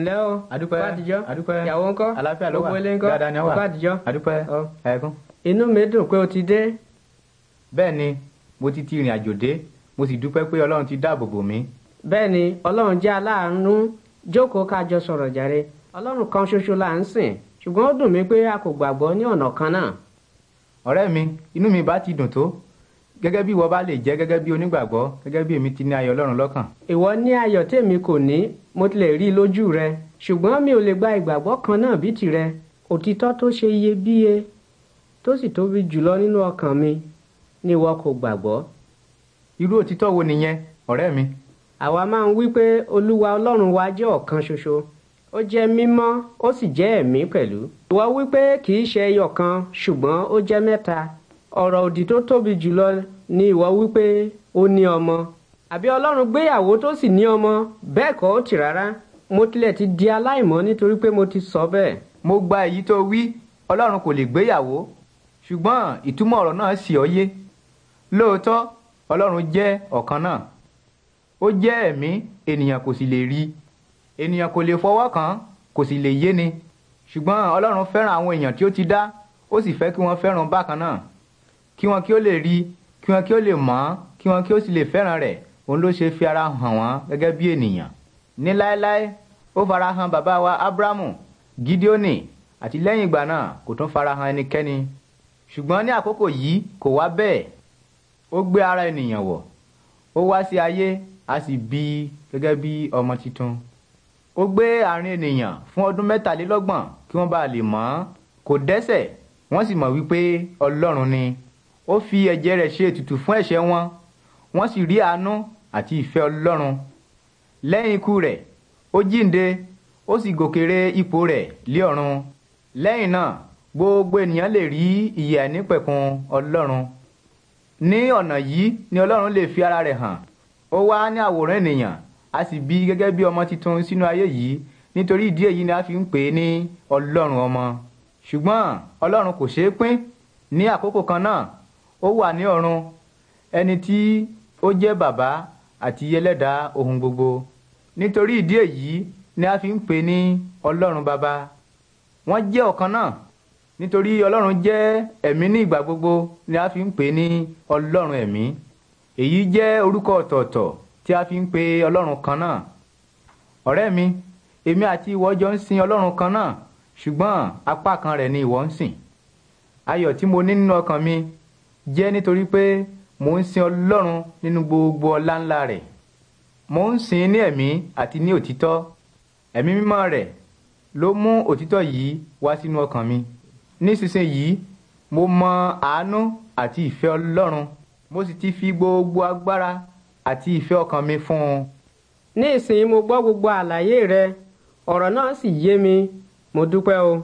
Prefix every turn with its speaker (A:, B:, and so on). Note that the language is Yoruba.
A: ǹlẹ́ o adúpẹ́ fàtijọ́ adúpẹ́ ìyàwó ńkọ́ àlàáfíà ló wà gbogbo ilé ńkọ́ dáadáa ni ó wà fàtijọ́ adúpẹ́ ẹ̀kún. inú mi dùn pé o ti dé. bẹ́ẹ̀ ni mo ti ti ìrìn àjò dé mo sì dúpẹ́ pé ọlọ́run ti dáàbò bò mí. bẹ́ẹ̀ ni ọlọ́run jẹ́ aláàánú jókòó ká jọ jàre ọlọ́run kan ṣoṣo là ń sìn ṣùgbọ́n ó dùn mí pé a kò gbàgbọ́ ní ọ̀nà kan náà. ọ̀rẹ́ mi inú mi bá ti dùn tó gẹ́gẹ́ bí ìwọ bá lè jẹ́ gẹ́gẹ́ bí onígbàgbọ́ gẹ́gẹ́ bí èmi ti ní ayọ̀ ọlọ́run lọ́kàn. ìwọ ní ayọ̀ tèmi kò ní mo tilẹ̀ rí i lójú rẹ ṣùgbọ́n mi ò lè gba ìgbàgbọ́ kan náà bí tirẹ̀ òtítọ́ tó ṣe iyebíye tó sì tóbi jùlọ nínú ọkàn mi ni ìwọ kò gbàgbọ́. irú òtítọ́ wo nìyẹn ọ̀rẹ́ mi. àwa máa ń wí pé olúwa ọlọ́run wa jẹ́ ọ̀kan ṣoṣo ó jẹ́ mímọ́ ó sì jẹ́ ẹ̀mí pẹ̀lú. ìwọ ọ̀rọ̀ òdì tó tóbi jùlọ ni ìwọ wípé ó ní ọmọ àbí ọlọ́run gbéyàwó tó sì ní ọmọ bẹ́ẹ̀ kọ́ ó tì rárá mo tilẹ̀ ti di aláìmọ́ nítorí pé mo ti sọ bẹ́ẹ̀. mo gba èyí tó wí ọlọ́run kò lè gbéyàwó
B: ṣùgbọ́n ìtumọ̀ ọ̀rọ̀ náà sì ọ́ yé lóòótọ́ ọlọ́run jẹ́ ọ̀kan náà ó jẹ́ ẹ̀mí ènìyàn kò sì lè rí ènìyàn kò lè fọwọ́ kàn án kò sì lè yé ni ṣùgbọ́n ọlọ́run fẹ́ràn àwọn èèyàn tí ó ti dá ó sì fẹ́ kí wọ́n fẹ́ràn bákan náà kí wọn kí ó lè rí kí wọn kí ó lè mọ̀ kí wọn kí ó sì lè fẹ́ràn rẹ̀ òun ló ṣe fi ara hàn wọ́n gẹ́gẹ́ bí ènìyàn. ní láéláé ó fara hàn bàbá wa abrahamu gideoni àti lẹ́yìn ìgbà náà kò tún fara hàn ẹnikẹ́ni ṣùgbọ́n ní àkókò yìí kò wá bẹ́ẹ̀ ó gbé ara ènìyàn wọ̀ ó wá sí ayé a sì bí i gẹ́gẹ́ bí ọmọ tuntun ó gbé àárín ènìyàn fún ọdún mẹ́tàlélọ́gbọ̀n kí wọ́n bá lè mọ̀ kò dẹ́ṣẹ̀ wọ́n sì mọ̀ wípé ọlọ́run ni ó fi ẹ̀jẹ̀ rẹ̀ ṣe ètùtù fún ẹ̀ṣẹ̀ wọn wọ́n sì rí àánú àti ìfẹ́ ọlọ́run lẹ́yìn ikú rẹ̀ ó jíǹde ó sì gòkèrè ipò rẹ̀ lé ọ̀run lẹ́yìn náà gbogbo ènìyàn lè rí ìyè àìnípẹ̀kun ọlọ́run ní ọ̀nà yìí ni ọlọ́run lè fi ara rẹ̀ hàn ó wá ní àwòrán ènìyàn a sì bí gẹ́gẹ́ bí ọmọ tuntun sínú ayé yìí nítorí ìdí èyí ni a fi ń pè é ní ọlọ́run ọmọ ṣùgbọ́n ọlọ́run kò ṣeé pín ní àkókò kan náà ó wà ní ọ̀run ẹni tí ó jẹ́ bàbá àti yẹlẹ́dà ohun gbogbo nítorí ìdí èyí ni a fi ń pè ní ọlọ́run bàbá wọ́n jẹ́ ọ̀kan náà nítorí ọlọ́run jẹ́ ẹ̀mí ní ìgbà gbogbo ni a fi ń pè ní ọlọ́run ẹ̀mí èyí jẹ́ orúkọ ọ̀tọ̀ọ̀tọ̀ tí a fi ń pè ọlọ́run kan náà ọ̀rẹ́ mi èmi àti ìwọ jọ ń sin ọlọ́run kan náà ṣùgbọ́n apá kan rẹ̀ ni ìwọ ń sìn ayọ̀ tí mo ní nínú ọkàn mi jẹ́ nítorí pé mò ń sin ọlọ́run nínú gbogbo ọláńlá rẹ̀ mò ń sin ní ẹ̀mí àti ní òtítọ́ ẹ̀mí mímọ́ rẹ̀ ló mú òtítọ́ yìí wá sínú ọkàn mi nísinsìnyí mo mọ àánú àti ìfẹ́ ọlọ́run mo sì ti fi gbogbo agbára
A: àti ìfẹ́ ọkàn mi fún un. ní ìsìn mo gbọ́ gbogbo àlàyé rẹ ọ̀rọ̀ náà sì yé mi mo dúpẹ́ o.